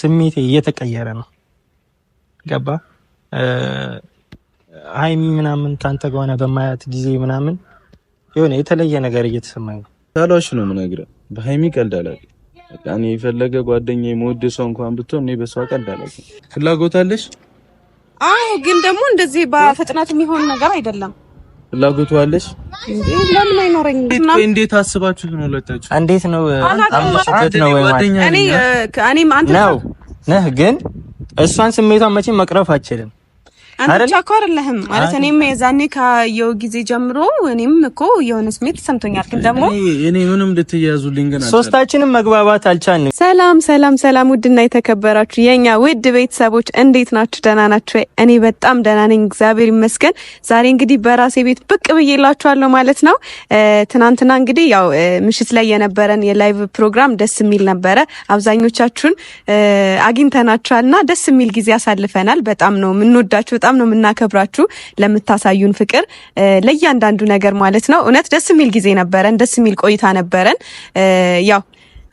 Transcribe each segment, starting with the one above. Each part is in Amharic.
ስሜቴ እየተቀየረ ነው። ገባ ሀይሚ ምናምን ከአንተ ከሆነ በማያት ጊዜ ምናምን የሆነ የተለየ ነገር እየተሰማኝ ነው። ታላሽ ነው ምነግረ በሀይሚ ቀልድ አላውቅም። እኔ የፈለገ ጓደኛ የመወድ ሰው እንኳን ብትሆን እኔ በሷ ቀልድ አላውቅም። ፍላጎት አለሽ? አዎ፣ ግን ደግሞ እንደዚህ በፍጥነት የሚሆን ነገር አይደለም። ፍላጎቱ አለሽ ለምን አይኖረኝም? እንዴት አስባችሁት ነው ለታችሁ? እንዴት ነው አምሽበት ነው ወይ ማለት እኔ እኔም አንተ ነህ፣ ግን እሷን ስሜቷን መቼም መቅረፍ አችልም። አንተ ብቻ እኮ አይደለህም ማለት እኔም የዛኔ ካየው ጊዜ ጀምሮ እኔም እኮ የሆነ ስሜት ሰምቶኛል። ግን ደግሞ እኔ ምንም ልትያዙልኝ ግን ሶስታችንም መግባባት አልቻልንም። ሰላም ሰላም ሰላም! ውድና የተከበራችሁ የኛ ውድ ቤተሰቦች እንዴት ናችሁ? ደህና ናችሁ? እኔ በጣም ደህና ነኝ፣ እግዚአብሔር ይመስገን። ዛሬ እንግዲህ በራሴ ቤት ብቅ ብዬላችኋለሁ ማለት ነው። ትናንትና እንግዲህ ያው ምሽት ላይ የነበረን የላይቭ ፕሮግራም ደስ የሚል ነበረ። አብዛኞቻችሁን አግኝተናችኋልና ደስ የሚል ጊዜ አሳልፈናል። በጣም ነው የምንወዳችሁ በጣም ነው የምናከብራችሁ ለምታሳዩን ፍቅር ለእያንዳንዱ ነገር ማለት ነው። እውነት ደስ የሚል ጊዜ ነበረን፣ ደስ የሚል ቆይታ ነበረን ያው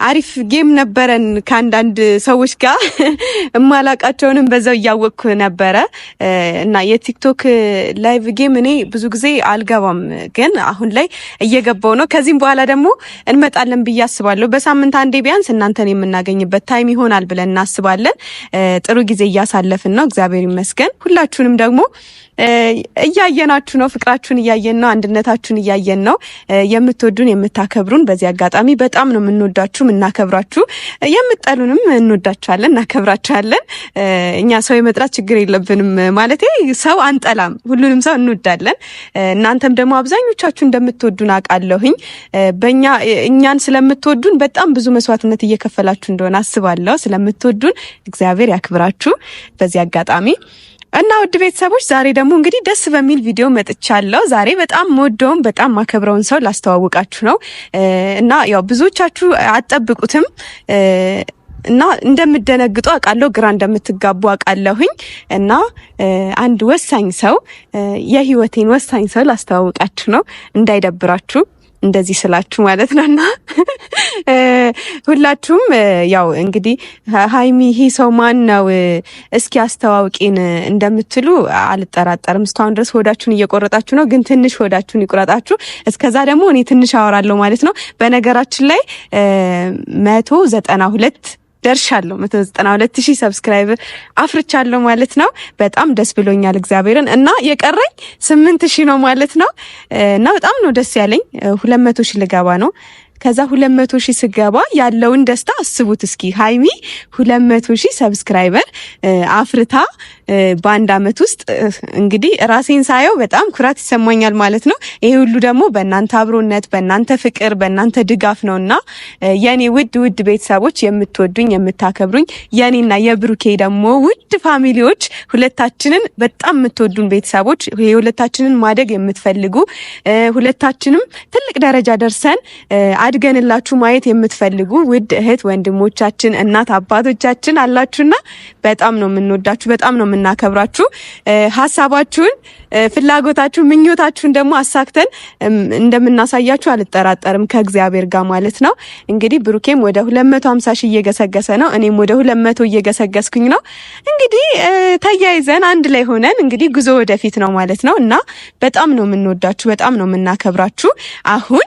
አሪፍ ጌም ነበረን ከአንዳንድ ሰዎች ጋር እማላቃቸውንም በዛው እያወቅኩ ነበረ እና የቲክቶክ ላይቭ ጌም እኔ ብዙ ጊዜ አልገባም፣ ግን አሁን ላይ እየገባው ነው። ከዚህም በኋላ ደግሞ እንመጣለን ብዬ አስባለሁ። በሳምንት አንዴ ቢያንስ እናንተን የምናገኝበት ታይም ይሆናል ብለን እናስባለን። ጥሩ ጊዜ እያሳለፍን ነው፣ እግዚአብሔር ይመስገን። ሁላችሁንም ደግሞ እያየናችሁ ነው። ፍቅራችሁን እያየን ነው። አንድነታችሁን እያየን ነው። የምትወዱን የምታከብሩን፣ በዚህ አጋጣሚ በጣም ነው የምንወዳችሁ የምናከብራችሁ። የምጠሉንም እንወዳችኋለን፣ እናከብራችኋለን። እኛ ሰው የመጥራት ችግር የለብንም። ማለት ሰው አንጠላም፣ ሁሉንም ሰው እንወዳለን። እናንተም ደግሞ አብዛኞቻችሁ እንደምትወዱን አውቃለሁኝ። በእኛ እኛን ስለምትወዱን በጣም ብዙ መስዋዕትነት እየከፈላችሁ እንደሆነ አስባለሁ። ስለምትወዱን እግዚአብሔር ያክብራችሁ በዚህ አጋጣሚ እና ውድ ቤተሰቦች ዛሬ ደግሞ እንግዲህ ደስ በሚል ቪዲዮ መጥቻለሁ። ዛሬ በጣም መወደውን በጣም ማከብረውን ሰው ላስተዋውቃችሁ ነው እና ያው ብዙዎቻችሁ አትጠብቁትም እና እንደምደነግጡ አውቃለሁ፣ ግራ እንደምትጋቡ አውቃለሁኝ። እና አንድ ወሳኝ ሰው የህይወቴን ወሳኝ ሰው ላስተዋውቃችሁ ነው እንዳይደብራችሁ እንደዚህ ስላችሁ ማለት ነውና ሁላችሁም ያው እንግዲህ ሀይሚ ይሄ ሰው ማን ነው እስኪ አስተዋውቂን እንደምትሉ አልጠራጠርም። እስካሁን ድረስ ሆዳችሁን እየቆረጣችሁ ነው፣ ግን ትንሽ ሆዳችሁን ይቁረጣችሁ። እስከዛ ደግሞ እኔ ትንሽ አወራለሁ ማለት ነው። በነገራችን ላይ መቶ ዘጠና ሁለት ደርሻለሁ። 192 ሺህ ሰብስክራይብ አፍርቻለሁ ማለት ነው። በጣም ደስ ብሎኛል እግዚአብሔርን እና የቀረኝ 8 ሺህ ነው ማለት ነው እና በጣም ነው ደስ ያለኝ። 200 ሺህ ልገባ ነው ከዛ ሁለት መቶ ሺህ ስገባ ያለውን ደስታ አስቡት እስኪ። ሀይሚ ሁለት መቶ ሺህ ሰብስክራይበር አፍርታ በአንድ አመት ውስጥ እንግዲህ ራሴን ሳየው በጣም ኩራት ይሰማኛል ማለት ነው። ይሄ ሁሉ ደግሞ በእናንተ አብሮነት፣ በእናንተ ፍቅር፣ በእናንተ ድጋፍ ነው እና የኔ ውድ ውድ ቤተሰቦች የምትወዱኝ የምታከብሩኝ የኔና የብሩኬ ደግሞ ውድ ፋሚሊዎች ሁለታችንን በጣም የምትወዱን ቤተሰቦች የሁለታችንን ማደግ የምትፈልጉ ሁለታችንም ትልቅ ደረጃ ደርሰን አድገንላችሁ ማየት የምትፈልጉ ውድ እህት ወንድሞቻችን፣ እናት አባቶቻችን አላችሁና በጣም ነው የምንወዳችሁ፣ በጣም ነው የምናከብራችሁ። ሀሳባችሁን፣ ፍላጎታችሁን ምኞታችሁን ደግሞ አሳክተን እንደምናሳያችሁ አልጠራጠርም ከእግዚአብሔር ጋር ማለት ነው። እንግዲህ ብሩኬም ወደ 250 ሺህ እየገሰገሰ ነው፣ እኔም ወደ 200 እየገሰገስኩኝ ነው። እንግዲህ ተያይዘን አንድ ላይ ሆነን እንግዲህ ጉዞ ወደፊት ነው ማለት ነው እና በጣም ነው የምንወዳችሁ፣ በጣም ነው የምናከብራችሁ። አሁን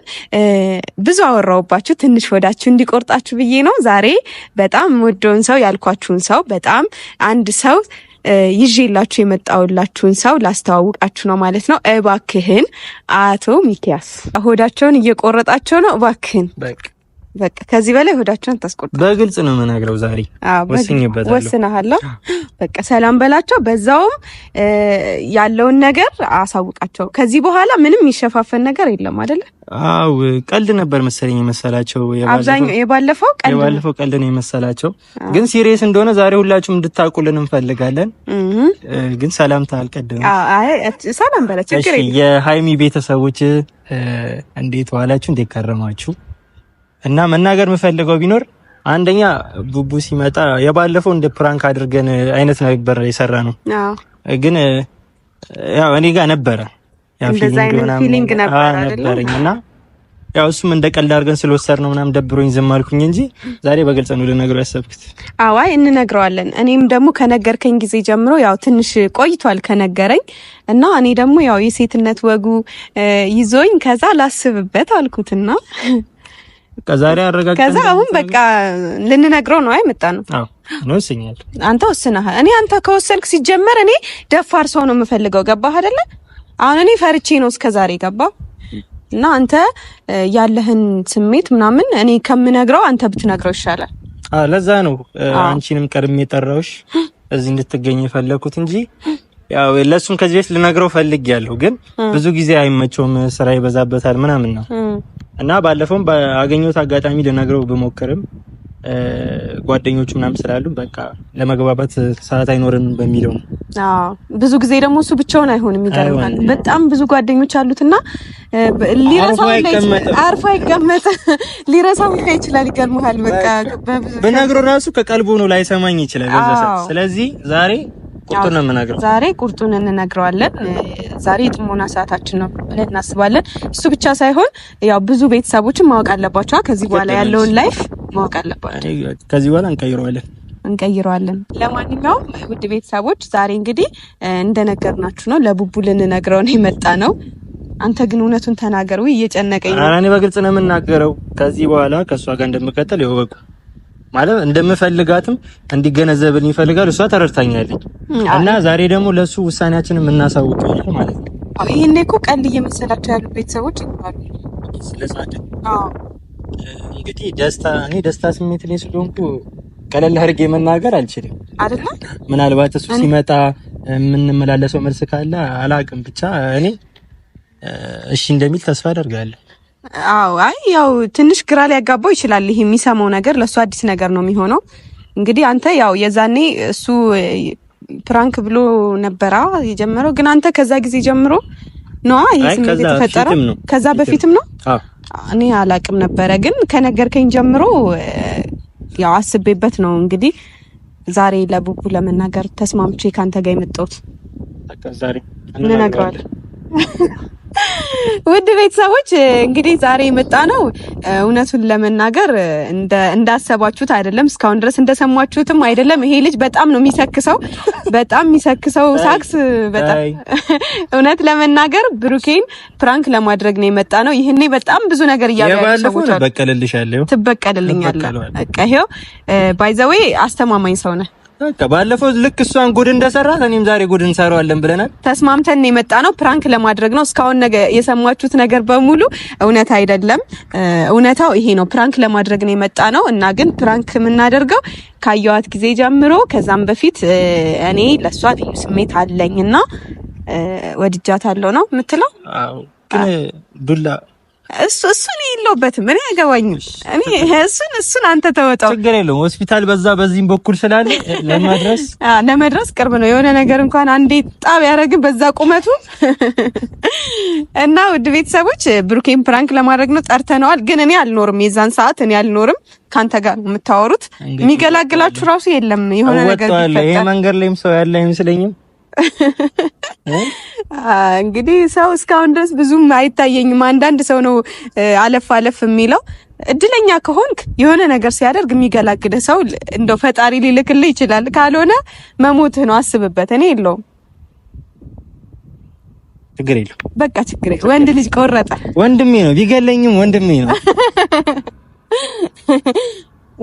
ብዙ ካወራውባችሁ ትንሽ ወዳችሁ እንዲቆርጣችሁ ብዬ ነው። ዛሬ በጣም ወደውን ሰው ያልኳችሁን ሰው በጣም አንድ ሰው ይዤላችሁ የመጣውላችሁን ሰው ላስተዋውቃችሁ ነው ማለት ነው። እባክህን አቶ ሚኪያስ ሆዳቸውን እየቆረጣቸው ነው። እባክህን በቃ ከዚህ በላይ ሆዳችሁን ታስቆርጡ። በግልጽ ነው የምነግረው። ዛሬ ወስኝበታለሁ፣ ወስነሃለሁ። በቃ ሰላም በላቸው። በዛውም ያለውን ነገር አሳውቃቸው። ከዚህ በኋላ ምንም የሚሸፋፈን ነገር የለም አይደለ? አው ቀልድ ነበር መሰለኝ የመሰላቸው። አብዛኛው የባለፈው ቀልድ የባለፈው ቀልድ ነው የመሰላቸው፣ ግን ሲሪየስ እንደሆነ ዛሬ ሁላችሁም እንድታውቁልን እንፈልጋለን። ግን ሰላምታ አልቀድም። አይ ሰላም በላቸው። ችግር የለም። የሃይሚ ቤተሰቦች እንዴት ዋላችሁ? እንዴት ከረማችሁ? እና መናገር የምፈልገው ቢኖር አንደኛ ቡቡ ሲመጣ የባለፈው እንደ ፕራንክ አድርገን አይነት ነበር የሰራ ነው። ግን ያው እኔ ጋር ነበረ ፊሊንግ ነበረኝ እና ያው እሱም እንደ ቀልድ አድርገን ስለወሰድ ነው ምናምን ደብሮኝ ዝም አልኩኝ እንጂ ዛሬ በግልጽ ነው ልነግረው ያሰብኩት። አዋይ እንነግረዋለን። እኔም ደግሞ ከነገርከኝ ጊዜ ጀምሮ ያው ትንሽ ቆይቷል ከነገረኝ እና እኔ ደግሞ ያው የሴትነት ወጉ ይዞኝ ከዛ ላስብበት አልኩትና ከዛሬ አረጋግጠን ከዛ አሁን በቃ ልንነግረው ነው አይመጣ ነው። አዎ ነው ወስኛለሁ። አንተ ወስነሃል። እኔ አንተ ከወሰንክ ሲጀመር እኔ ደፋር ሰው ነው የምፈልገው። ገባህ አይደለ? አሁን እኔ ፈርቼ ነው እስከዛሬ ገባ እና አንተ ያለህን ስሜት ምናምን እኔ ከምነግረው አንተ ብትነግረው ይሻላል። ለዛ ነው አንቺንም ቀድሜ የጠራሁሽ እዚህ እንድትገኝ የፈለኩት እንጂ ያው ለሱም ከዚህ ቤት ልነግረው ፈልግ ያለው ግን ብዙ ጊዜ አይመቸውም፣ ስራ ይበዛበታል ምናምን ነው እና ባለፈውም ባገኘሁት አጋጣሚ ልነግረው ብሞክርም ጓደኞቹ ምናምን ስላሉ በቃ ለመግባባት ሰዓት አይኖርም በሚለው ነው። አዎ ብዙ ጊዜ ደግሞ እሱ ብቻውን አይሆንም፣ ይገርማል። በጣም ብዙ ጓደኞች አሉትና ሊረሳው አርፎ አይቀመጥ፣ ሊረሳው ይችላል። ይገርምሃል። በቃ በነግሮ ራሱ ከቀልቡ ነው ላይሰማኝ ይችላል። ስለዚህ ዛሬ ቁርጡን ነው የምነግረው። ዛሬ ቁርጡን እንነግረዋለን። ዛሬ የጥሞና ሰዓታችን ነው ብለን እናስባለን። እሱ ብቻ ሳይሆን ያው ብዙ ቤተሰቦችን ማወቅ አለባቸው። ከዚህ በኋላ ያለውን ላይፍ ማወቅ አለባቸው። ከዚህ በኋላ እንቀይረዋለን እንቀይረዋለን። ለማንኛውም ውድ ቤተሰቦች ዛሬ እንግዲህ እንደነገርናችሁ ነው ለቡቡ ልንነግረው ነው የመጣ ነው። አንተ ግን እውነቱን ተናገር። እየጨነቀኝ ነው። እኔ በግልጽ ነው የምናገረው። ከዚህ በኋላ ከእሷ ጋር እንደምቀጠል ይወቁ። ማለት እንደምፈልጋትም እንዲገነዘብልኝ ይፈልጋል። እሷ ተረድታኛለች እና ዛሬ ደግሞ ለሱ ውሳኔያችንን የምናሳውቅ ይሆናል ማለት ነው። ይሄኔ እኮ ቀልድ እየመሰላቸው ያሉ ቤተሰቦች ይባሉ። እንግዲህ ደስታ እኔ ደስታ ስሜት ላይ ስለሆንኩ ቀለል አድርጌ መናገር አልችልም አይደል? ምናልባት እሱ ሲመጣ የምንመላለሰው መልስ ካለ አላቅም። ብቻ እኔ እሺ እንደሚል ተስፋ አደርጋለሁ። አዎ አይ ያው ትንሽ ግራ ሊያጋባው ይችላል። ይሄ የሚሰማው ነገር ለእሱ አዲስ ነገር ነው የሚሆነው። እንግዲህ አንተ ያው የዛኔ እሱ ፕራንክ ብሎ ነበራ የጀመረው፣ ግን አንተ ከዛ ጊዜ ጀምሮ ነዋ ይሄ ስሜት ከዛ በፊትም ነው እኔ አላቅም ነበረ፣ ግን ከነገርከኝ ጀምሮ ያው አስቤበት ነው እንግዲህ ዛሬ ለቡቡ ለመናገር ተስማምቼ ካንተ ጋር የመጣሁት። እነግረዋለሁ ውድ ቤተሰቦች እንግዲህ ዛሬ የመጣ ነው። እውነቱን ለመናገር እንዳሰባችሁት አይደለም፣ እስካሁን ድረስ እንደሰማችሁትም አይደለም። ይሄ ልጅ በጣም ነው የሚሰክሰው፣ በጣም የሚሰክሰው ሳክስ። በጣም እውነት ለመናገር ብሩኬን ፕራንክ ለማድረግ ነው የመጣ ነው። ይህኔ በጣም ብዙ ነገር እያበቀልልሻለሁ፣ ትበቀልልኛለ። በቃ ባይ ዘ ዌይ አስተማማኝ ሰው ነህ ባለፈው ልክ እሷን ጉድ እንደሰራት እኔም ዛሬ ጉድ እንሰራዋለን ብለናል። ተስማምተን የመጣ ነው፣ ፕራንክ ለማድረግ ነው። እስካሁን ነገ የሰማችሁት ነገር በሙሉ እውነት አይደለም። እውነታው ይሄ ነው። ፕራንክ ለማድረግ ነው የመጣ ነው እና ግን ፕራንክ የምናደርገው ካየዋት ጊዜ ጀምሮ ከዛም በፊት እኔ ለእሷ ልዩ ስሜት አለኝ እና ወድጃታለሁ ነው የምትለው። አዎ ግን ዱላ እሱ እሱን የለውበትም። ምን ያገባኝ? እኔ እሱን እሱን አንተ ተወጣው፣ ችግር የለውም። ሆስፒታል በዛ በዚህም በኩል ስላለ ለመድረስ ለመድረስ ቅርብ ነው። የሆነ ነገር እንኳን አንዴ ጣብ ያደረግን በዛ ቁመቱ እና ውድ ቤተሰቦች ብሩኬን ፕራንክ ለማድረግ ነው ጠርተነዋል። ግን እኔ አልኖርም፣ የዛን ሰዓት እኔ አልኖርም። ከአንተ ጋር ነው የምታወሩት። የሚገላግላችሁ ራሱ የለም። የሆነ ነገር ይሄ መንገድ ላይም ሰው ያለ አይመስለኝም። እንግዲህ ሰው እስካሁን ድረስ ብዙም አይታየኝም። አንዳንድ ሰው ነው አለፍ አለፍ የሚለው። እድለኛ ከሆንክ የሆነ ነገር ሲያደርግ የሚገላግልህ ሰው እንደው ፈጣሪ ሊልክልህ ይችላል። ካልሆነ መሞትህ ነው። አስብበት። እኔ የለውም ችግር የለም። በቃ ችግር የለም። ወንድ ልጅ ቆረጠ። ወንድሜ ነው ቢገለኝም ወንድሜ ነው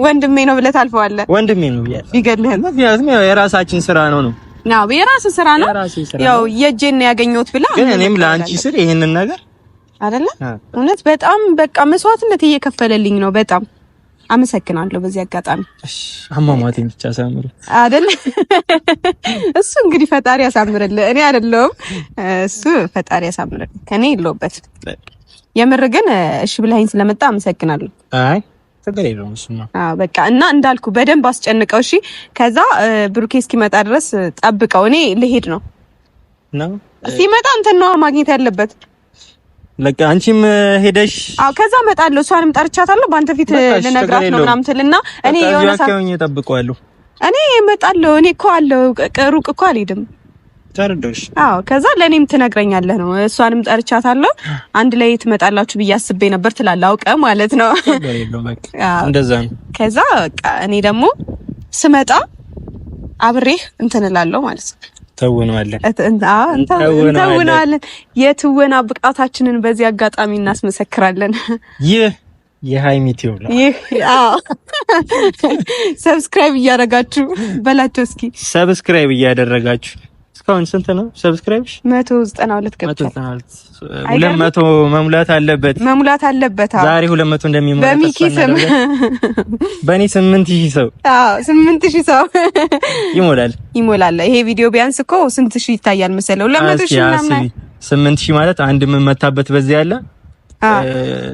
ወንድሜ ነው ብለህ ታልፈዋለህ። ወንድሜ ነው ብያለሁ። ምክንያቱም የራሳችን ስራ ነው ነው ነው የራስ ስራ ነው። ያው የእጄን ያገኘሁት ብላ ግን እኔም ለአንቺ ስር ይሄንን ነገር አይደለ እውነት በጣም በቃ መስዋዕትነት እየከፈለልኝ ነው። በጣም አመሰግናለሁ በዚህ አጋጣሚ። እሺ አሟሟቴን ብቻ አሳምር አይደለ እሱ እንግዲህ ፈጣሪ ያሳምርልህ። እኔ አይደለሁም እሱ ፈጣሪ ያሳምርልህ፣ ከኔ የለውበት። የምር ግን እሺ ብለኸኝ ስለመጣ አመሰግናለሁ። አይ ችግር የለውም እሱማ። አዎ በቃ እና እንዳልኩ በደንብ አስጨንቀው እሺ። ከዛ ብሩኬ እስኪመጣ ድረስ ጠብቀው። እኔ ልሄድ ነው ነው ሲመጣ እንትን ነዋ ማግኘት ያለበት በቃ አንቺም ሄደሽ አዎ፣ ከዛ እመጣለሁ። እሷንም ጠርቻታለሁ። በአንተ ፊት ልነግራት ነው ምናምን ትልና እኔ የሆነ ሰዓት እኔ እመጣለሁ። እኔ እኮ አለሁ፣ ሩቅ እኮ አልሄድም ተረዳሽ? አዎ። ከዛ ለእኔም ትነግረኛለህ ነው። እሷንም ጠርቻታለሁ አንድ ላይ ትመጣላችሁ ብዬ አስቤ ነበር ትላለህ፣ አውቀ ማለት ነው። እንደዛ ነው። ከዛ በቃ እኔ ደግሞ ስመጣ አብሬህ እንትንላለሁ ማለት ነው። ተውነዋለን እንተውነዋለን። የትወና ብቃታችንን በዚህ አጋጣሚ እናስመሰክራለን። ይህ የሃይሚ ቲዩብ ነው። ይህ አዎ፣ ሰብስክራይብ እያደረጋችሁ በላቸው እስኪ ሰብስክራይብ እያደረጋችሁ እስካሁን ስንት ነው ሰብስክራይብሽ? 192 ገብቷል። 200 መሙላት አለበት መሙላት አለበት። ዛሬ 200 እንደሚሞላ በሚኪ ስም በእኔ 8000 ሰው አዎ 8000 ሰው ይሞላል ይሞላል። ይሄ ቪዲዮ ቢያንስ እኮ ስንት ሺህ ይታያል መሰለው? 200 ሺህ ምናምን ማለት አንድ ምን መታበት በዚህ ያለ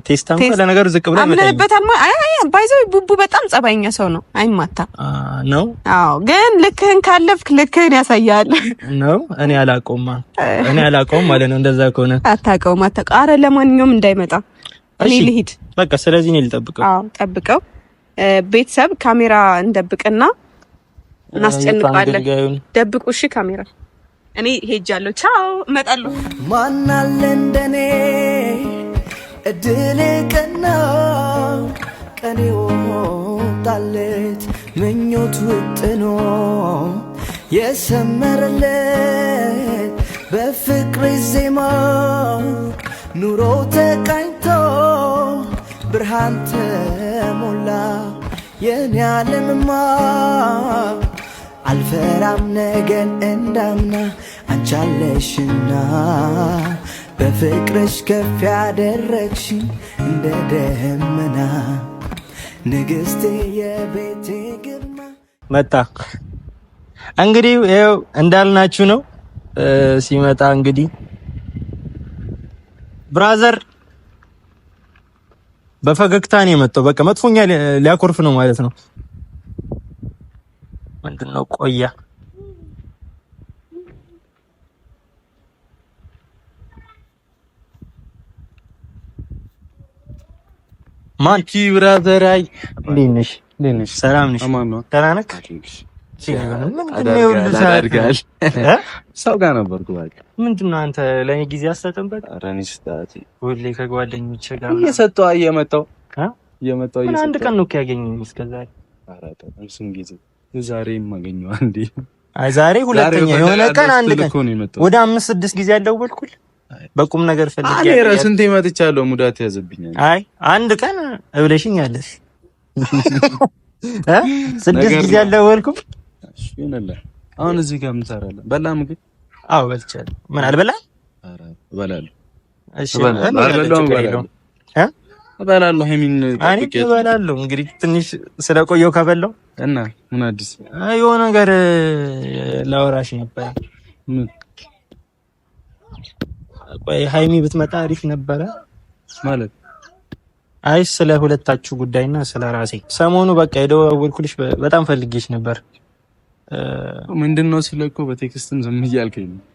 ቴስታም ለነገሩ ዝቅ ብላ አምነንበታል። አይ አይ ባይዘው ቡቡ በጣም ጸባይኛ ሰው ነው። አይማታም ነው። አዎ፣ ግን ልክህን ካለፍክ ልክህን ያሳያል ነው። እኔ አላውቀውም እኔ አላውቀውም ማለት ነው። እንደዛ ከሆነ አታውቀውም አታውቀውም። አረ ለማንኛውም እንዳይመጣ እኔ ልሂድ በቃ። ስለዚህ እኔ ልጠብቀው። አዎ፣ ጠብቀው። ቤተሰብ ካሜራ እንደብቅና እናስጨንቃለን። ደብቁ። እሺ፣ ካሜራ እኔ ሄጃለሁ። ቻው፣ እመጣለሁ። ማናለ እንደኔ እድሌ ቀና ቀኔ ወጣለት ምኞት ውጥኖ የሰመረለት በፍቅር ዜማ ኑሮ ተቃኝቶ ብርሃን ተሞላ የኔ ዓለምማ አልፈራም ነገን እንዳምና አንቻለሽና በፍቅርሽ ከፍ ያደረግሽ እንደ ደመና ንግስቴ የቤቴ ግርማ መጣ። እንግዲህ ይኸው እንዳልናችሁ ነው። ሲመጣ እንግዲህ ብራዘር በፈገግታ ነው የመጣው። በቃ መጥፎኛ ሊያኮርፍ ነው ማለት ነው። ምንድን ነው ቆያ ማን ቺ ብራዘር፣ አይ እንዴት ነሽ? እንዴት ነሽ? ሰላም ነሽ? ደህና ነህ? ሰው ጋር ነበርኩ። ምንድን ነው አንተ ለእኔ ጊዜ አትሰጥም? በቃ ሁሌ ከጓደኞቼ ጋር እየሰጠሁ እየመጣሁ እየመጣሁ ምን አንድ ቀን ነው እኮ ያገኘኝ እስከ ዛሬ። ዛሬ የማገኘው አንዴ፣ ዛሬ ሁለተኛ የሆነ ቀን አንድ ቀን ወደ አምስት ስድስት ጊዜ አልደወልኩልህ በቁም ነገር ፈልጌ እኔ ራስ እንቴ መጥቻለሁ። ሙዳት ያዘብኝ። አይ አንድ ቀን እብለሽኝ አለሽ እ ስድስት ጊዜ አልደወልኩም። አሁን እዚህ ጋር ምን ትሰራለህ? በላ ምግብ? አዎ በልቻለሁ። ምን አልበላም? ኧረ እበላለሁ። እሺ እበላለሁ እ እበላለሁ ሄሚን አይ እበላለሁ። እንግዲህ ትንሽ ስለቆየው ከበላው እና ምን አዲስ የሆነ ነገር ላወራሽ ነበር ቆይ ሀይሚ ብትመጣ አሪፍ ነበረ ማለት አይ ስለ ሁለታችሁ ጉዳይና ስለ ራሴ ሰሞኑ በቃ የደወልኩልሽ በጣም ፈልጌሽ ነበር። ምንድን ነው እኮ በቴክስትም ዝም እያልከኝ ነው።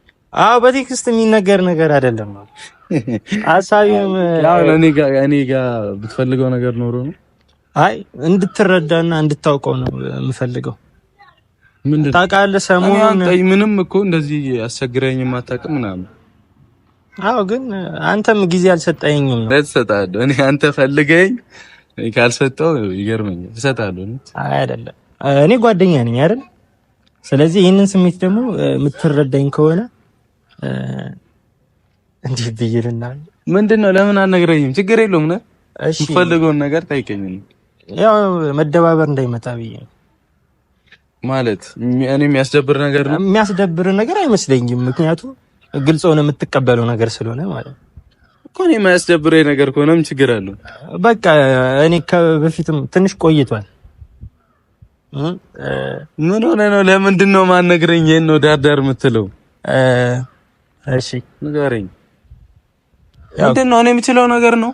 አዎ በቴክስት የሚነገር ነገር አይደለም። አሳቢም እኔ ጋር ብትፈልገው ነገር ኖሮ ነው። አይ እንድትረዳና እንድታውቀው ነው የምፈልገው። ታውቃለህ፣ ሰሞኑን ምንም እኮ እንደዚህ አስቸግረኝ አታውቅም ምናምን አዎ ግን አንተም ጊዜ አልሰጠኝም። ነው እሰጥሃለሁ። እኔ አንተ ፈልገኝ ካልሰጠው ይገርመኛል። እሰጥሃለሁ። አይ አይደለም፣ እኔ ጓደኛ ነኝ አይደል? ስለዚህ ይህንን ስሜት ደግሞ የምትረዳኝ ከሆነ እንዴት ብዬ ልናገር? ምንድን ነው ለምን አልነግረኝም? ችግር የለውም ነ የምፈልገውን ነገር ጠይቀኝ። ያው መደባበር እንዳይመጣ ብዬ ነው ማለት። እኔ የሚያስደብር ነገር ነው የሚያስደብር ነገር አይመስለኝም ምክንያቱም ግልጽ ሆነ የምትቀበለው ነገር ስለሆነ ማለት ነው እኮ እኔ የማያስደብረኝ ነገር ከሆነም ችግር አለው። በቃ እኔ ከበፊትም ትንሽ ቆይቷል። ምን ሆነ ነው? ለምንድን ነው ማነግረኝ? ይህን ነው ዳርዳር የምትለው? እሺ ንገረኝ። ምንድን ነው እኔ የምችለው ነገር ነው?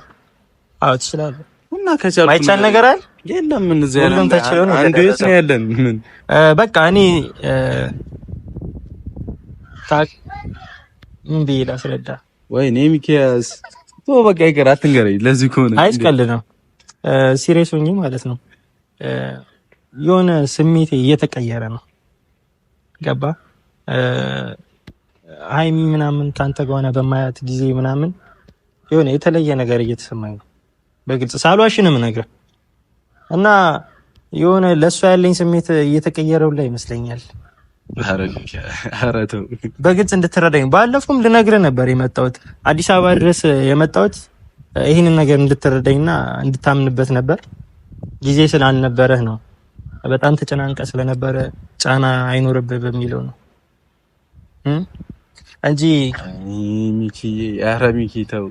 አዎ ትችላለህ። እና ከቻልኩ ማይቻል ነገር አለ የለም። ምን እዚህ ያለ አንዱ የት ነው ያለን? በቃ እኔ እንዴ ላስረዳ ወይ? ሚኪያስ ቶ በቃ ይቀር አትንገረኝ። ለዚህ ከሆነ አይስቀል ነው ሲሪየስ ሆኜ ማለት ነው። የሆነ ስሜቴ እየተቀየረ ነው። ገባ ሀይሚ ምናምን ካንተ ከሆነ በማያት ጊዜ ምናምን የሆነ የተለየ ነገር እየተሰማኝ ነው። በግልጽ ሳሏሽንም ነገር እና የሆነ ለእሷ ያለኝ ስሜት እየተቀየረው ላይ ይመስለኛል። በግልጽ እንድትረዳኝ ባለፈውም ልነግርህ ነበር የመጣሁት አዲስ አበባ ድረስ የመጣሁት ይህንን ነገር እንድትረዳኝና እንድታምንበት ነበር። ጊዜ ስላልነበረህ ነው። በጣም ተጨናንቀ ስለነበረ ጫና አይኖርብህ በሚለው ነው እንጂ ተው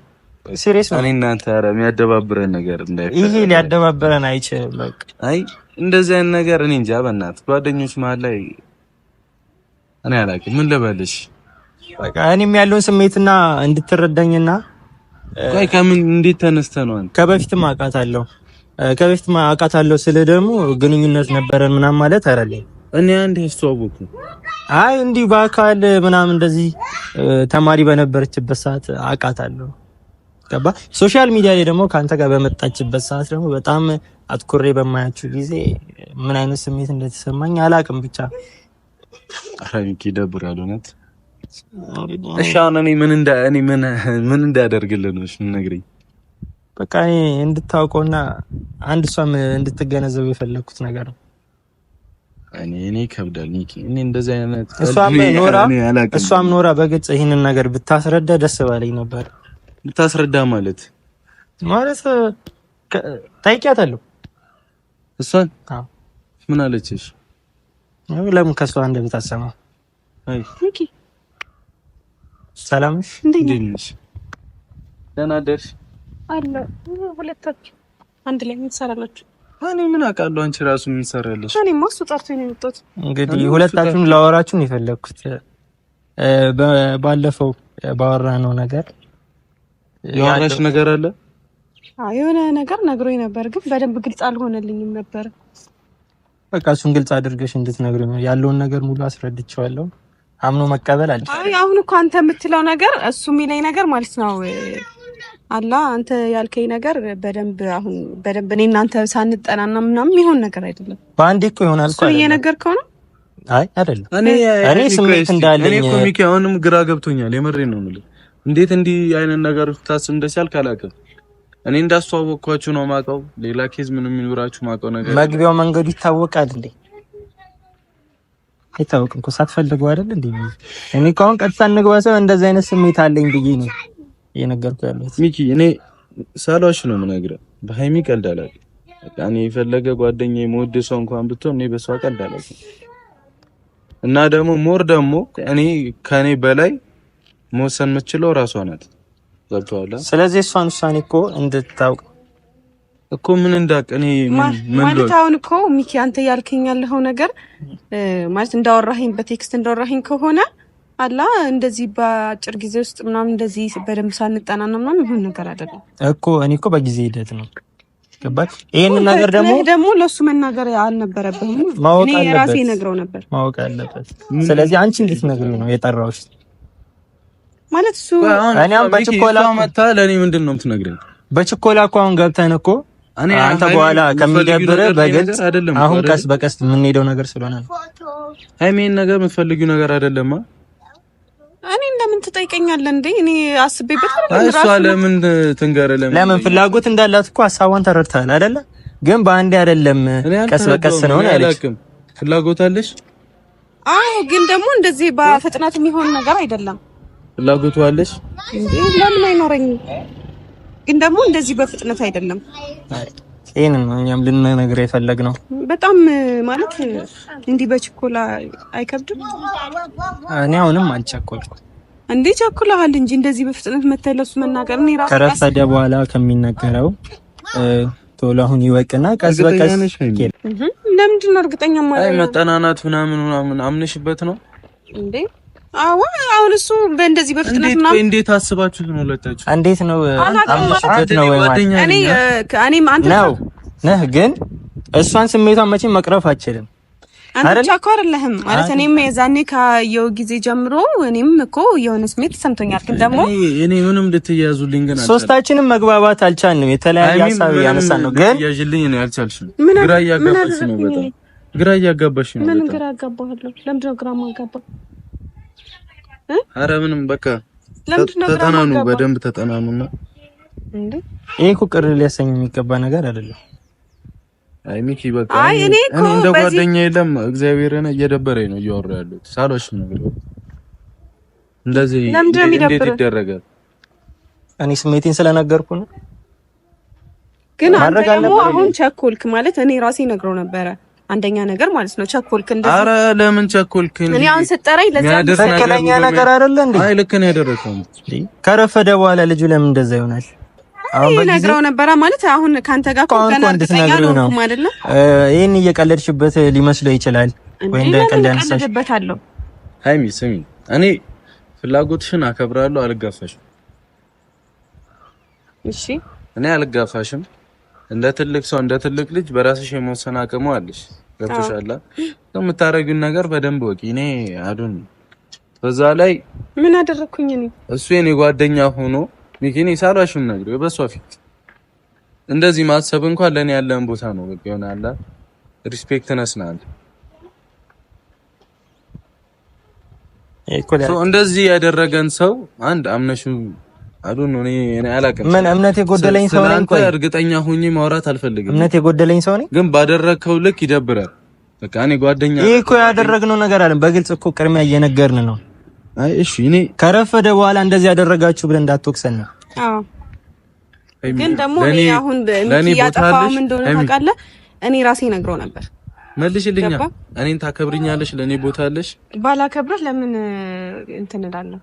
ሲሪየስ ነው። እኔ እናንተ ኧረ የሚያደባብረን ነገር እንዳይፈጠር ይሄ ሊያደባብረን አይችልም። አይ እንደዚህ አይነት ነገር እኔ እንጃ በእናትህ ጓደኞች መሀል ላይ እኔ አላውቅም ምን ልበልሽ። በቃ እኔም ያለውን ስሜትና እንድትረዳኝና ቆይ ከምን እንዴት ተነስተ ነው አንተ? ከበፊትም አውቃታለሁ ከበፊትም አውቃታለሁ ስለ ደግሞ ግንኙነት ነበረን ምናምን ማለት አይደለም። እኔ አንድ ያስተዋወቁ አይ እንዲህ በአካል ምናምን እንደዚህ ተማሪ በነበረችበት ሰዓት አውቃታለሁ። ገባ ሶሻል ሚዲያ ላይ ደግሞ ከአንተ ጋር በመጣችበት ሰዓት ደግሞ በጣም አትኩሬ በማያችሁ ጊዜ ምን አይነት ስሜት እንደተሰማኝ አላውቅም ብቻ አራሚኪ ይደብራል እውነት። እሺ አሁን እኔ ምን እንዳ እኔ ምን ምን እንዳደርግልህ ነው? እሺ ንገረኝ። በቃ እኔ እንድታውቀውና አንድ እሷም እንድትገነዘብ የፈለግኩት ነገር ነው። እኔ እኔ ይከብዳል። ኒኪ እኔ እንደዚህ አይነት እሷም ኖራ እሷም ኖራ በግልጽ ይህንን ነገር ብታስረዳ ደስ ባለኝ ነበር። ብታስረዳ ማለት ማለት ጠይቂያታለሁ እሷን ምን አለችሽ? ለምን ከሷ እንደምታሰማ? ሚኪ ሰላም ነሽ? እንዴት ነሽ? ደህና ደርሽ? አለ ሁለታችሁ አንድ ላይ ምን ትሰራላችሁ? እኔ ምን አውቃለሁ? አንቺ ራሱ ምን ትሰራለሽ? እኔ ማሱ ጠርቶኝ ነው የመጣሁት። እንግዲህ ሁለታችሁም ላወራችሁ ነው የፈለኩት። ባለፈው ባወራነው ነገር ያወራሽ ነገር አለ? አዎ የሆነ ነገር ነግሮኝ ነበር፣ ግን በደንብ ግልጽ አልሆነልኝም ነበር በቃ እሱን ግልጽ አድርገሽ እንድትነግሪ ነው ያለውን ነገር ሙሉ አስረድቼዋለሁ። አምኖ መቀበል አለ። አይ አሁን እኮ አንተ የምትለው ነገር እሱ የሚለኝ ነገር ማለት ነው አላ አንተ ያልከኝ ነገር በደንብ አሁን በደንብ እኔ እናንተ ሳንጠናና ምናምን የሚሆን ነገር አይደለም። በአንዴ እኮ ይሆናል እኮ እየነገርከው ነው። አይ አይደለም፣ እኔ ስሜት እንዳለኝ እኔ እኮ ኮሚክ አሁንም ግራ ገብቶኛል። የምሬ ነው የምልህ እንዴት እንዲህ አይነት ነገር ታስብ እንደቻልክ አላውቅም። እኔ እንዳስተዋወቅኳችሁ ነው ማውቀው። ሌላ ኬዝ ምንም የሚኖራችሁ ማውቀው ነገር መግቢያው መንገዱ ይታወቃል እንዴ? አይታወቅም እኮ ሳትፈልገው አይደል እንዴ? እኔ እኮ አሁን ቀጥታ እንግባ ሰው እንደዚህ አይነት ስሜት አለኝ ብዬ ነው እየነገርኩህ ያለሁት ሚኪ። እኔ ሳሏሽ ነው የምነግርህ፣ በሀይሚ ቀልድ አላውቅም። እኔ የፈለገ ጓደኛ የምወድ ሰው እንኳን ብትሆን እኔ በሷ ቀልድ አላውቅም። እና ደግሞ ሞር ደግሞ እኔ ከኔ በላይ መወሰን የምችለው ራሷ ናት። ገብተዋል። ስለዚህ እሷን ውሳኔ እኮ እንድታውቅ እኮ ምን እንዳቅ እኔ ማለት አሁን እኮ ሚኪ አንተ ያልከኝ ያለኸው ነገር ማለት እንዳወራኸኝ በቴክስት እንዳወራኸኝ ከሆነ አላ እንደዚህ በአጭር ጊዜ ውስጥ ምናምን እንደዚህ በደንብ ሳንጠና ነው ምናምን ይሁን ነገር አይደለም እኮ እኔ እኮ በጊዜ ሂደት ነው ገባች። ይህን ነገር ደግሞ ደግሞ ለሱ መናገር አልነበረብህም። ማወቅ አለበት፣ ራሴ ነግረው ነበር ማወቅ አለበት። ስለዚህ አንቺ እንዴት ነግሪው ነው የጠራሁሽ ማለት እሱ እኔም በችኮላ መጣ። ለኔ ምንድን ነው የምትነግረኝ? በችኮላ እኮ አሁን ገብተን እኮ አንተ በኋላ ከሚደብር በግልጽ አይደለም። አሁን ቀስ በቀስ የምንሄደው ነገር ስለሆነ ነው። አይ ምን ነገር የምትፈልጊው ነገር አይደለም። እኔ እንደምን ትጠይቀኛለህ እንዴ? እኔ አስቤበት አይደለም። እሷ ለምን ትንገር? ለምን ፍላጎት እንዳላት እኮ ሀሳቧን ተረድተሃል አይደለ? ግን በአንዴ አይደለም፣ ቀስ በቀስ ነው ያለች። ፍላጎት አለሽ? አዎ፣ ግን ደግሞ እንደዚህ በፍጥነት የሚሆን ነገር አይደለም። ፍላጎቱ አለሽ እንዴ? ለምን አይኖረኝም? ግን ደግሞ እንደዚህ በፍጥነት አይደለም። ይሄን ነው እኛም ልንነግር ነው። በጣም ማለት እንዲህ በችኮላ አይከብድም። እኔ አሁንም አልቸኮልኩም። እንዴ ቸኩለሃል እንጂ እንደዚህ በፍጥነት መተለሱ መናገር ነው። ራሱ ከረፈደ በኋላ ከሚነገረው ቶሎ አሁን ይወቅና ቀስ በቀስ ለምንድን ነው እርግጠኛ ማለት ነው መጠናናት ምናምን ምናምን አምነሽበት ነው እንዴ አዎ አሁን እሱ በእንደዚህ በፍጥነት ነው። እንዴት አስባችሁት ነው? ሁለታችሁ እንዴት ነው? አላውቅም ነው እኔ እኔም አንተ ነው ነህ፣ ግን እሷን ስሜቷን መቼም መቅረፍ አይችልም። አንተ ቻኮ አይደለህም ማለት እኔም የዛኔ ካየው ጊዜ ጀምሮ እኔም እኮ የሆነ ስሜት ተሰምቶኛል። ግን ደግሞ እኔ ምንም ልትያዙልኝ ግን ሶስታችንም መግባባት አልቻልንም። የተለያየ ሀሳብ ያነሳን ነው። ግን ያዥልኝ ነው ያልቻልሽም። ግራ እያጋባሽ ነው። በጣም ግራ እያጋባሽ ነው። ምን ግራ አጋባለሁ? ለምንድን ነው ግራ ማጋባ አረ ምንም በቃ ተጠናኑ፣ በደንብ ተጠናኑና እንዴ ይሄ እኮ ቅር ሊያሰኝ የሚገባ ነገር አይደለም። አይ ሚኪ በቃ አይ እኔ እኮ እንደ ጓደኛ የለም እግዚአብሔርን እየደበረኝ ነው እያወራ ያሉት ሳሎች ነው ብለው እንደዚህ እንዴት ይደረጋል? እኔ ስሜቴን ስለነገርኩ ነው። ግን አንተ ደግሞ አሁን ቸኮልክ ማለት እኔ ራሴ ነግረው ነበረ አንደኛ ነገር ማለት ነው። ቸኮልክ እንደዚህ አረ ለምን ቸኮልክ? እኔ አሁን ስጠራኝ ለዛ ትክክለኛ ነገር አይደለ እንዴ? አይ ልክ ነው ያደረከው። ከረፈደ በኋላ ልጁ ለምን እንደዛ ይሆናል? አሁን ነግረው ነበረ ማለት አሁን ካንተ ጋር ኮንፈረንስ ኮንተና ነው አይደለ? ይሄን እየቀለድሽበት ሊመስለው ይችላል ወይ እንደ ቀልድ ያነሳሽ ሃይሚ ስሚ፣ እኔ ፍላጎትሽን አከብራለሁ፣ አልጋፋሽም። እሺ እኔ አልጋፋሽም። እንደ ትልቅ ሰው እንደ ትልቅ ልጅ በራስሽ የመወሰን አቅሙ አለሽ። ገብቶሻል። የምታደርጊውን ነገር በደንብ ወቂ። እኔ አዱን በዛ ላይ ምን አደረግኩኝ? እኔ እሱ የኔ ጓደኛ ሆኖ ሚኪኔ ሳላሽም ነግሬው በሷ ፊት እንደዚህ ማሰብ እንኳን ለእኔ ያለን ቦታ ነው። በቃ ይሆናል። ሪስፔክት ነስናል እኮ እንደዚህ ያደረገን ሰው አንድ አምነሽው አዱን ነው እኔ አላውቅም። ምን እምነት የጎደለኝ ሰው ነኝ? ቆይ እርግጠኛ ሆኜ ማውራት አልፈልግም። እምነት የጎደለኝ ሰው ነኝ፣ ግን ባደረግከው ልክ ይደብራል። በቃ እኔ ጓደኛ ይሄ እኮ ያደረግነው ነገር አለ። በግልጽ እኮ ቅድሚያ እየነገርን ነው። አይ እሺ፣ እኔ ከረፈደ በኋላ እንደዚህ ያደረጋችሁ ብለን እንዳትወቅሰን ነው። አዎ፣ ግን ደግሞ እኔ አሁን ለኔ ያጠፋው እንደሆነ ታውቃለህ። እኔ ራሴ ነግረው ነበር። መልሽልኛ። እኔን ታከብርኛለሽ፣ ለኔ ቦታ አለሽ። ባላከብርህ ለምን እንትን እላለሁ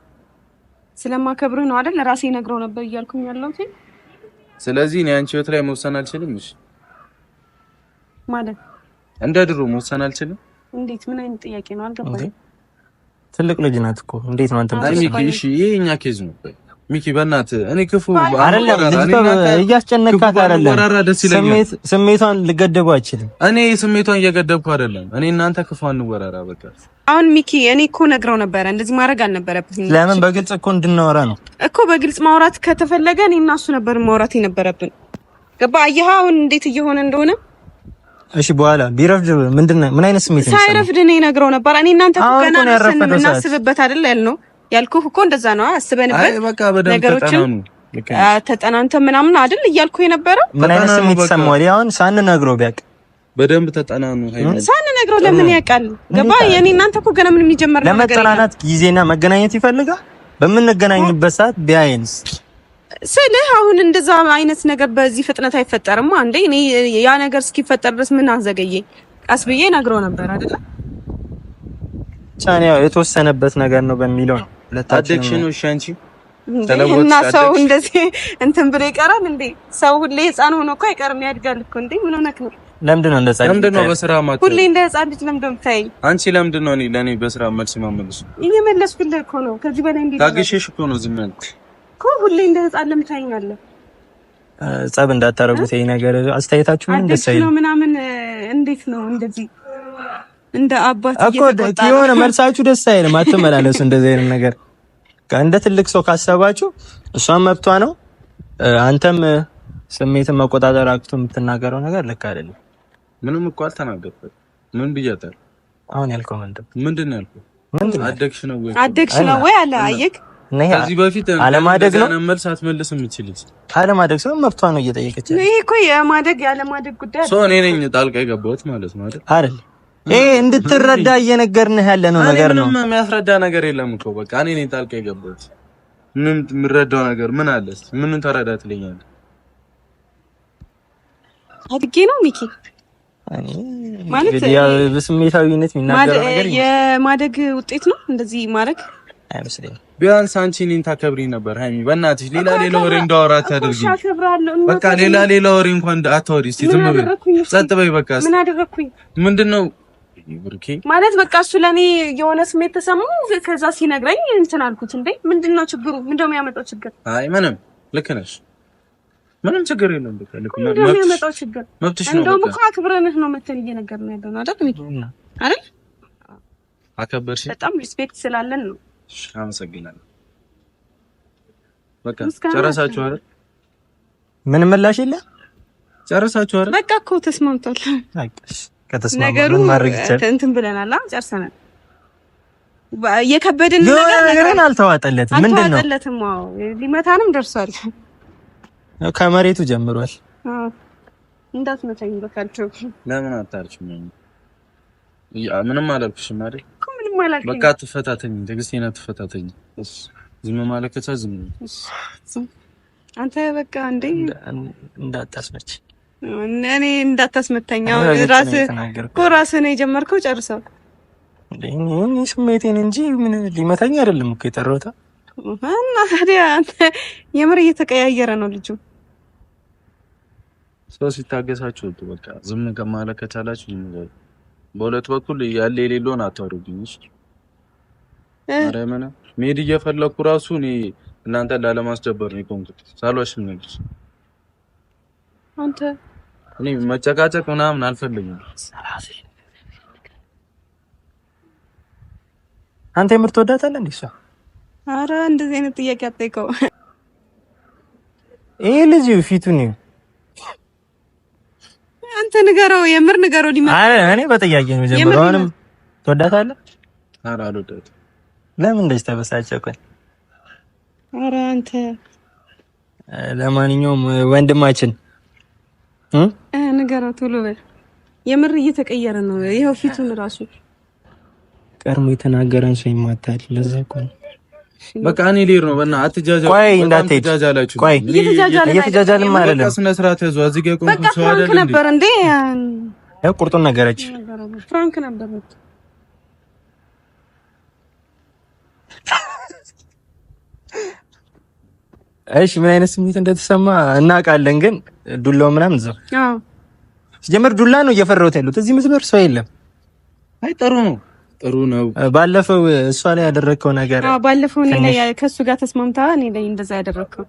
ስለማከብርህ ነው አይደል? ራሴ ነግረው ነበር እያልኩኝ ያለሁት። ስለዚህ እኔ አንቺ ህይወት ላይ መወሰን አልችልም። እሺ ማለት እንደ ድሮ መወሰን አልችልም። እንዴት? ምን አይነት ጥያቄ ነው? አልገባኝም። ትልቅ ልጅ ናት እኮ እንዴት ነው አንተ? እሺ ይሄ የኛ ኬዝ ነው ሚኪ በእናት እኔ ክፉ አይደለም። እያስጨነቃት አይደለም። ስሜቷን ልገደቡ አይችልም። እኔ ስሜቷን እየገደብኩ አይደለም። እኔ እናንተ ክፉ አንወራራ። በቃ አሁን ሚኪ እኔ እኮ ነግረው ነበረ፣ እንደዚህ ማድረግ አልነበረብኝ። ለምን በግልጽ እኮ እንድናወራ ነው እኮ። በግልጽ ማውራት ከተፈለገ እኔ እና እሱ ነበር ማውራት የነበረብን። ገባ? አየህ አሁን እንዴት እየሆነ እንደሆነ እሺ በኋላ ቢረፍድ ምንድን ነው ምን አይነት ስሜት ሳይረፍድ እኔ ነግረው ነበር። እኔ እናንተ ገና እናስብበት አይደል ያልነው ያልኩህ እኮ እንደዛ ነው አስበንበት ነገሮችን ተጠናንተ ምናምን አይደል እያልኩ የነበረው ምን አይነት ስሜት ይሰማዋል? አሁን ሳንነግረው ቢያውቅ በደንብ ተጠናኑ ሳንነግረው ለምን ያውቃል? ገባ የኔ እናንተ እኮ ገና ምን የሚጀመር ነገር ለመጠናናት ጊዜና መገናኘት ይፈልጋል። በምንገናኝበት ሰዓት ቢያይንስ ስልህ አሁን እንደዛ አይነት ነገር በዚህ ፍጥነት አይፈጠርም። አንዴ እኔ ያ ነገር እስኪፈጠር ድረስ ምን አዘገየ? ቀስ ብዬ ነግረው ነበር አይደል? ቻኔ የተወሰነበት ነገር ነው በሚለው ነው አዲክሽኑ እሺ አንቺ እና ሰው እንደዚህ እንትን ብሎ ይቀራል እንዴ? ሰው ሁሌ ህፃን ሆኖ እኮ አይቀርም፣ ያድጋል እኮ እንዴ። ምን ሆነክ ነው? ለምንድን ነው እንደዛ? ህፃን ለምንድን ነው በስራ ማለት ሁሌ እንደ ህፃን ልጅ ለምንድን ነው የምታይኝ? አንቺ ለምንድን ነው እኔ ለኔ በስራ መልስ የማመልሱ? እየመለስኩልህ እኮ ነው። ከዚህ በላይ እንዴ ታገሽሽ እኮ ነው። ዝም ብለን እኮ ሁሌ እንደ ህፃን ለምን ታይኛለህ? ጸብ እንዳታረጉት ይሄ ነገር አስተያየታችሁ ምን ደስ ነው ምናምን። እንዴት ነው እንደዚህ እንደ አባት እኮ የሆነ መልሳችሁ ደስ አይልም። አትመላለሱ እንደዚህ አይነት ነገር እንደ ትልቅ ሰው ካሰባችሁ እሷን መብቷ ነው። አንተም ስሜትን መቆጣጠር አቅቶ የምትናገረው ነገር ልክ አይደለም። ምንም እኮ አልተናገርኩም። ምን ብያታለሁ? አሁን ያልከው ምንድን ምንድን ነው ያልከው? አደግሽ ነው ወይ አደግሽ ነው ወይ አለ። አየክ ከዚህ በፊት አለማደግ ነው መልስ አትመልስ የምችል አለማደግ ሰው መብቷ ነው እየጠየቀች ነው። ይሄ እኮ የማደግ ያለማደግ ጉዳይ እኔ ነኝ ጣልቃ የገባሁት ማለት ነው አይደል? ይሄ እንድትረዳ እየነገርንህ ነው ነገር ነው። ምንም የሚያስረዳ ነገር የለም እኮ በቃ እኔ ነኝ ጣልቃ የገባሁት። ምን የምረዳው ነገር ምን አለስ? ምን ተረዳ ትለኛለህ? አድጌ ነው ሚኪ ማለት በስሜታዊነት የሚናገረው ነገር የማደግ ውጤት ነው። እንደዚህ ማድረግ አይመስለኝም። ቢያንስ አንቺ እኔን ታከብሪ ነበር ሃይሚ። በእናትሽ ሌላ ሌላ ወሬ እንዳወራ አታደርጊ። በቃ ሌላ ሌላ ወሬ እንኳን አታወሪ። እስቲ ዝም በይ፣ ጸጥ በይ። በቃ ምን አደረኩኝ? ምንድን ነው ብሩኬ ማለት በቃ እሱ ለእኔ የሆነ ስሜት ተሰማው። ከዛ ሲነግረኝ እንትን አልኩት። እንዴ ምንድን ነው ችግሩ? ምንድን ነው የሚያመጣው ችግር? አይ ምንም፣ ልክ ነሽ። ምንም ችግር የለም። በቃ ልክ ነው። ምንድን ነው የሚያመጣው ችግር? መብትሽ ነው። እንደውም እኮ አክብረንህ ነው መተን እየነገር ነው ያለው አይደል? አይደል? አከበርሽ። በጣም ሪስፔክት ስላለን ነው። አመሰግናለሁ። በቃ ጨረሳችሁ አይደል? ምንም ምላሽ የለ። ጨረሳችሁ አይደል? በቃ እኮ ተስማምቷል። አይቀስ ነገሩ እንትን ብለናል፣ ጨርሰናል። ነገርን ሊመታንም ደርሷል። ከመሬቱ ጀምሯል። እንዳትመታኝ በካልቸው። ለምን ምንም አላልኩሽም አይደል? በቃ ትዕግስቴን ዝም ማለከቻ ዝም አንተ በቃ እንዴ እንዳታስመች እኔ እንዳታስመታኛው ራስህ ነው የጀመርከው። ጨርሰው ስሜቴን እንጂ ምን ሊመታኝ አይደለም እኮ የጠራሁት። እና ታዲያ የምር እየተቀያየረ ነው ልጁ። ሰው ሲታገሳችሁ በቃ ዝም ከማለት ከቻላችሁ በሁለት በኩል ያለ የሌለውን አታወሩብኝ። እሺ ማርያምን መሄድ እየፈለኩ ራሱ እኔ እናንተን ላለማስደበር ነው የቆምኩት። ሳሏሽ ነው አንተ እኔ መጨቃጨቅ ምናምን አልፈልግም። አንተ የምር ትወዳታለህ እንዴ? እሷ አረ እንደዚህ አይነት ጥያቄ አትጠይቀው። ይሄ ልጅ ፊቱ ነው። አንተ ንገረው፣ የምር ንገረው። ዲማ አረ እኔ በጥያቄ ነው ጀምረው። አሁንም ትወዳታለህ? ኧረ አልወዳትም። ለምን እንደዚህ ተበሳጨህ? አረ አንተ ለማንኛውም ወንድማችን ንገረው ቶሎ በል። የምር እየተቀየረ ነው። ይኸው ፊቱን ራሱ ቀድሞ የተናገረን ሰው ይማታል። ለዛ እኮ ነው። በቃ እኔ ልሄድ ነው። በእና አትጃጃ። ቆይ እንዳትሄድ ቆይ እየተጃጃልን አይደለም። ስነ ስርዓት ያዙ። እዚህ ጋር ቆም። ሰው አይደለም ነበር እንዴ? ያው ቁርጡን ነገረች። ፍራንክ ነበር እሺ ምን አይነት ስሜት እንደተሰማ እናውቃለን ግን ዱላው ምናምን እዛው። አዎ ሲጀመር ዱላ ነው እየፈራሁት ያሉት። እዚህ መስመር ሰው የለም። አይ ጥሩ ነው ጥሩ ነው። ባለፈው እሷ ላይ ያደረግከው ነገር አዎ፣ ባለፈው እኔ ላይ ከሱ ጋር ተስማምታ እኔ ላይ እንደዛ ያደረግከው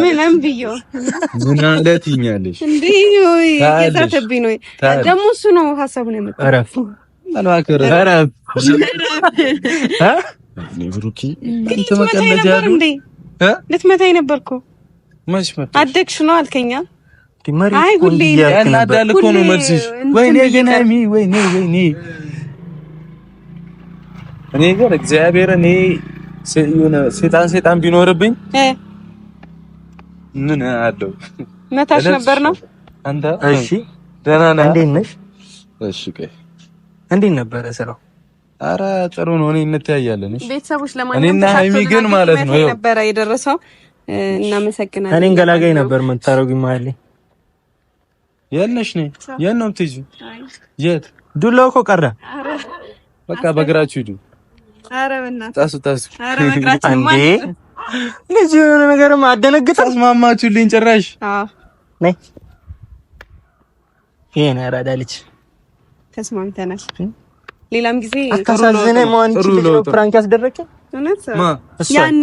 ምንም ብዬው ምን አለት ይኛለሽ እንዴ? እየዛተብኝ ነው ደግሞ እሱ ነው ሀሳቡ ነው የመጣው። እረፍ ነው እንዴ? ልትመታኝ ነበር እኮ መች መጣ? አደግሽ ነው አልከኛ። አይ ሁሌ ያናዳል እኮ ነው መልስሽ። ወይኔ ግን ሀይሚ ወይኔ ወይኔ እኔ ግን እግዚአብሔር እኔ ሴጣን ሴጣን ቢኖርብኝ ምን አለው መታሽ ነበር ነው አንተ። እሺ ደህና ነህ? እንዴት ነሽ? እሺ ቆይ እንዴት ነበረ ስራው? አረ ጥሩ ነው። እኔ እንተያያለን። እሺ ቤተሰቦች፣ ለማንኛውም እኔና ሃይሚ ግን ማለት ነው ነበረ የደረሰው። እናመሰግናለን። እኔን ገላጋይ ነበር የምታረጉኝ ማለት ነው። የለሽ ነኝ የት ነው የምትሄጂው? የት ዱላው እኮ ቀረ። በቃ በእግራችሁ ሂዱ። አረ በእናትህ ጣሱ ጣሱ። አረ በእግራችሁ እንዴ! ልጅ የሆነ ነገር አደነግጣ አስማማችሁልኝ ጭራሽ። አዎ ነይ ይሄን አራዳ ልጅ ተስማምተናል። ሌላም ጊዜ አታሳዝነ ማን ልጅ ፕራንክ ያስደረግከው ያኔ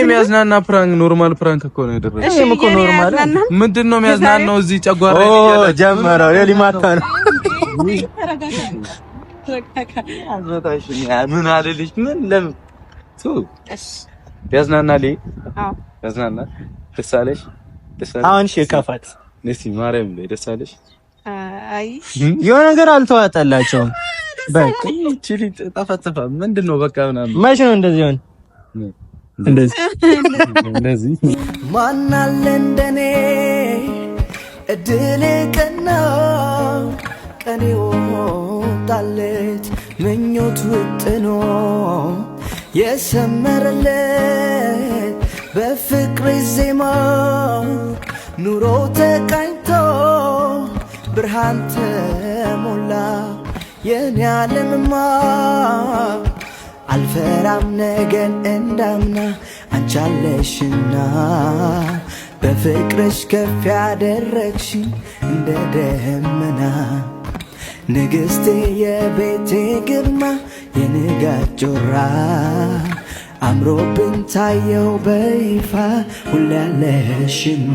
የሚያዝናና ፕራንክ ኖርማል ፕራንክ እኮ ነው ያደረገው። እሺ ኖርማል ምንድን ነው የሚያዝናናው? እዚህ ጨጓራ ኦ የሊማታ ነው። ምን ምን ቱ እሺ ያዝናና አዎ ያዝናና ነሲ አይ የሆነ ነገር አልተዋጠላቸውም በቃ ቺሊ ጠፋጠፋ ምንድን ነው? በቃ ምናምን መቼ ነው እንደዚህ ሆነ? እንደዚህ እንደዚህ ማን አለ እንደኔ እድል ቀና ቀኔው ጣለት ምኞት ውጥኖ የሰመረለት በፍቅር ዜማ ኑሮ ተቃኝቶ ብርሃን ተሞላ የኔ ዓለምማ አልፈራም ነገን እንዳምና አለሽና በፍቅርሽ ከፍ ያደረግሽ እንደ ደመና ንግሥቴ የቤቴ ግርማ የንጋት ጮራ አምሮብን ታየው በይፋ ሁላለሽና